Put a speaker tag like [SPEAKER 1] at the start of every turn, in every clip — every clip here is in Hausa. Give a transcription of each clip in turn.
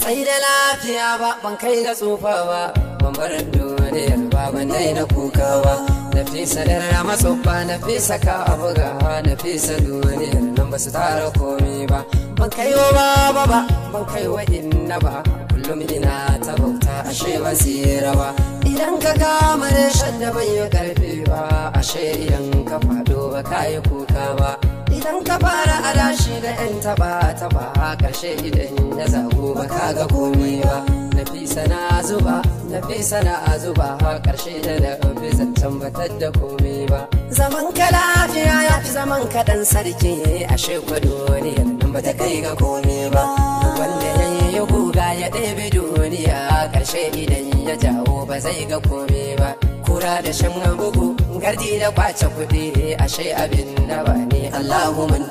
[SPEAKER 1] sai da lafiya ba, ban kai ga tsufa ba, ban bar duniya ba, ban dai na kukawa. Nafisa da rama tsofa, Nafisa ka na Nafisa duniya nan ba su tara komi ba. Ban kai wa baba ba, ban kai wa inna ba, kullum ina ta bauta ashe ba tsira ba. Idan ka kama shan da bai yi ƙarfi ba, ashe idan ka fado ba ka yi kuka ba. idan ka fara adashi da yan taba taba karshe idan ya zago ba ka ga komai ba na fi sana zuba na fi sana zuba karshe da na fi zancen batar da komai ba zaman ka lafiya ya fi zaman ka dan sarki ashe kwado duniya nan ba ta kai ga komai ba wanda ya yi guga ya ɗebe duniya karshe idan ya jawo ba zai ga komai ba kura da shan na bugu gardi da kwace kuɗi ashe abin na ba ne Allahu mun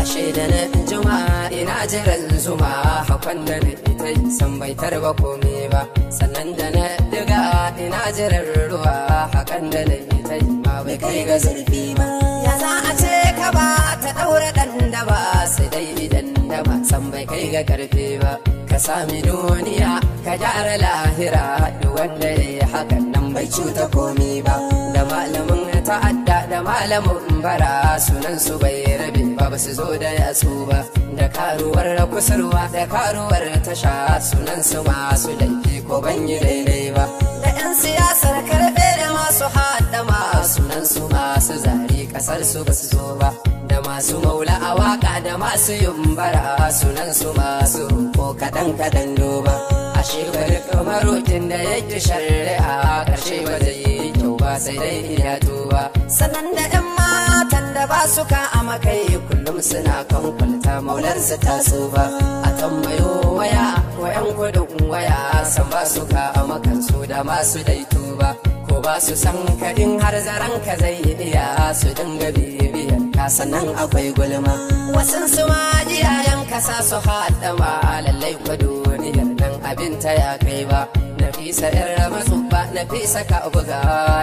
[SPEAKER 1] ashe da na juma ina jiran zuma hakan da na ita san bai tarba komai ba sannan da na daga ina jiran ruwa hakan da na ita ma bai kai ga zurfi ba ya za a ce ka ba ta ɗaura ɗan da ba sai dai idan da ba san bai kai ga karfe ba ka sami duniya ka gyara lahira duk wanda ya hakan bai cuta komi ba da malamin ta'adda da malamin bara sunan su bai rabe ba ba su zo da yatsu ba da karuwar kusurwa da karuwar tasha sunan su masu laifi ko ban yi daidai ba da 'yan siyasar karbe da masu haddama sunan su masu zari kasar su ba su zo ba da masu maula a waka da masu yumbara sunan su masu ko kadan kadan doba a shekaru kamar marotin da yake shari'a ƙarshe ba zai yi kyau ba sai dai iya tuba sanan da yan matan da ba su ka a makai kullum suna kan kwalta su ta ba a tambayo waya ko yan gudun waya san ba su ka a makansu da masu daitu ba ko ba su san kaɗin har zaren ka zai iya su dinga bibiyar ka sannan akwai gulma wasan su ma iyayen kasa su haɗa ma lallai kwa duniyar nan abin ta ya kai ba nafisa yar rama ba nafisa ka buga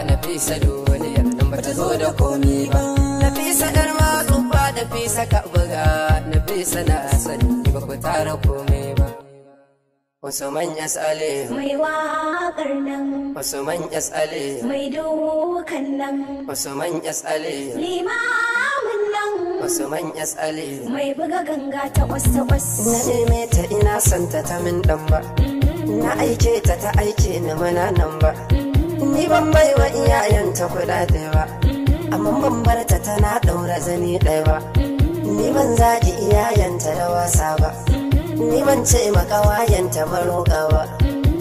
[SPEAKER 1] nafisa duniya nan bata zo da komi ba nafisa yar ma ba nafisa ka buga nafisa na sani ba ku tara komai ba ya tsale Mai waƙar nan ya tsale Mai dokan nan ya tsale Liman man ya tsale mai buga ganga ta wasu wasu na neme ta ina santa ta min dan ba mm-hmm. na aike ta ta aike ni mana nan ba mm-hmm. ni ban bai wa iyayenta da ba mm-hmm. amma ban bar ta tana daura zani ɗaya ba ni ban zagi iyayenta da wasa ba ni ban ce makawayenta maroƙa ba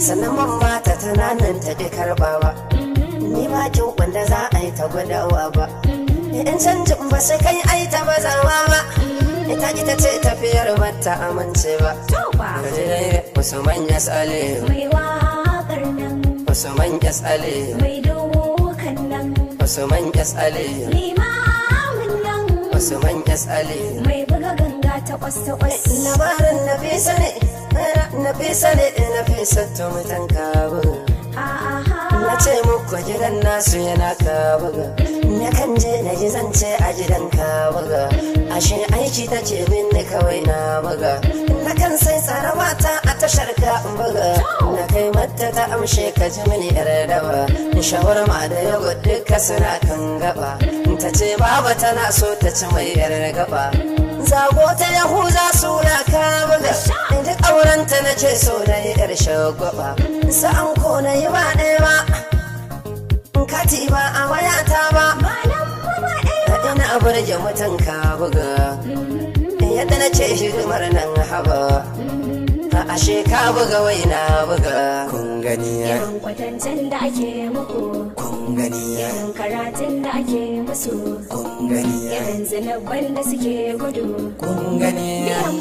[SPEAKER 1] sannan ban ba ta tana nan ta karɓa ba ni ba kyau wanda za a yi ta gwadawa ba in canjin ba sai kai ai ta zama ba ita ita ce tafiyar ba ta amince ba ka ji usman ya tsale mai waƙar nan usman ya tsale mai dokan nan usman ya tsale limamin nan usman ya tsale mai buga ganga ta kwasta kwas labarin na fesa ne na fesa ne na fesa to mutan kawo ce muku gidan nasu yana kabuga na kan je na ji zance a gidan kabuga ashe aiki ta ce min ne kawai na buga na kan sai tsara mata a tashar ka buga na kai mata ta amshe ka ji mini yar daba ma da yago duka suna kan gaba ta ce baba tana so ta ci mai yar gaba Zago ta su suna kabe. Inda aurenta na ce so na yi ƴar gwaba. Sa'an ko na yi ba ɗaya ba Kati ba a wayata ba Ina burge mutum ka buga Yadda na ce hidimar nan haba ashe ka buga wai na buga kun gani ya kwatancen da ake muku gani irin karatun da ake musu kun gani irin zinabban da suke gudu kun gani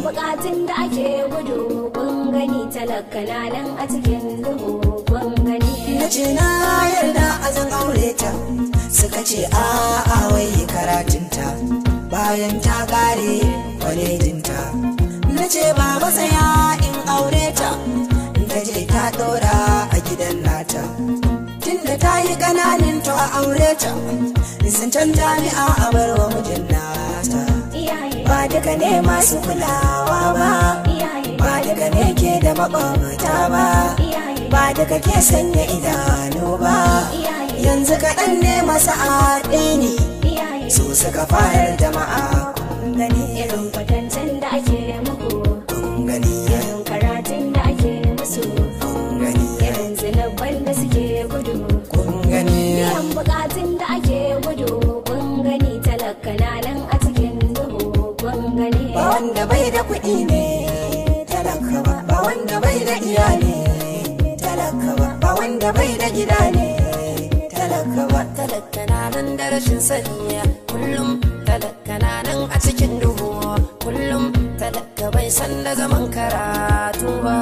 [SPEAKER 1] bukatun da ake gudu kun gani talaka nan a cikin duhu kun gani na ce na yarda a zan aure ta suka ce a a wai karatunta bayan ta kare kwalejinta na ce ba masaya in aure ta ta je ta dora a gidan nata kananin to a aure ta can jami'a a bar wa mijin nata ba daga ne masu kulawa ba ba daga ne ke da makwabata ba ba daga ke sanya idanu ba yanzu kaɗan ne masu aɗe ne su suka fayar jama'a kuɗi ne talaka ba ba wanda bai da iyali talaka ba ba wanda bai da gida ne talaka ba talaka na nan da rashin sanya kullum talaka na nan a cikin duhu kullum talaka bai san da zaman karatu ba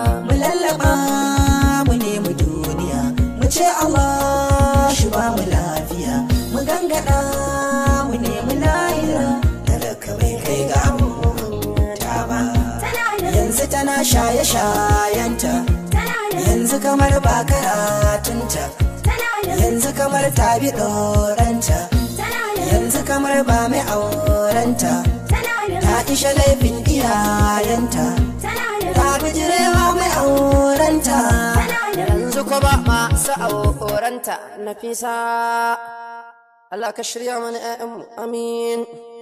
[SPEAKER 1] shayanta yanzu kamar ba karatunta yanzu kamar ta bi doranta yanzu kamar ba mai aurenta ta isha laifin iyayenta ta bijirewa mai aurenta yanzu ko ba masu aurenta nafisa Allah ka shirya mana 'ya'yanmu amin